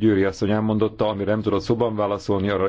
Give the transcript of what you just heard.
Győri asszony elmondotta, amire nem tudott szóban válaszolni, arra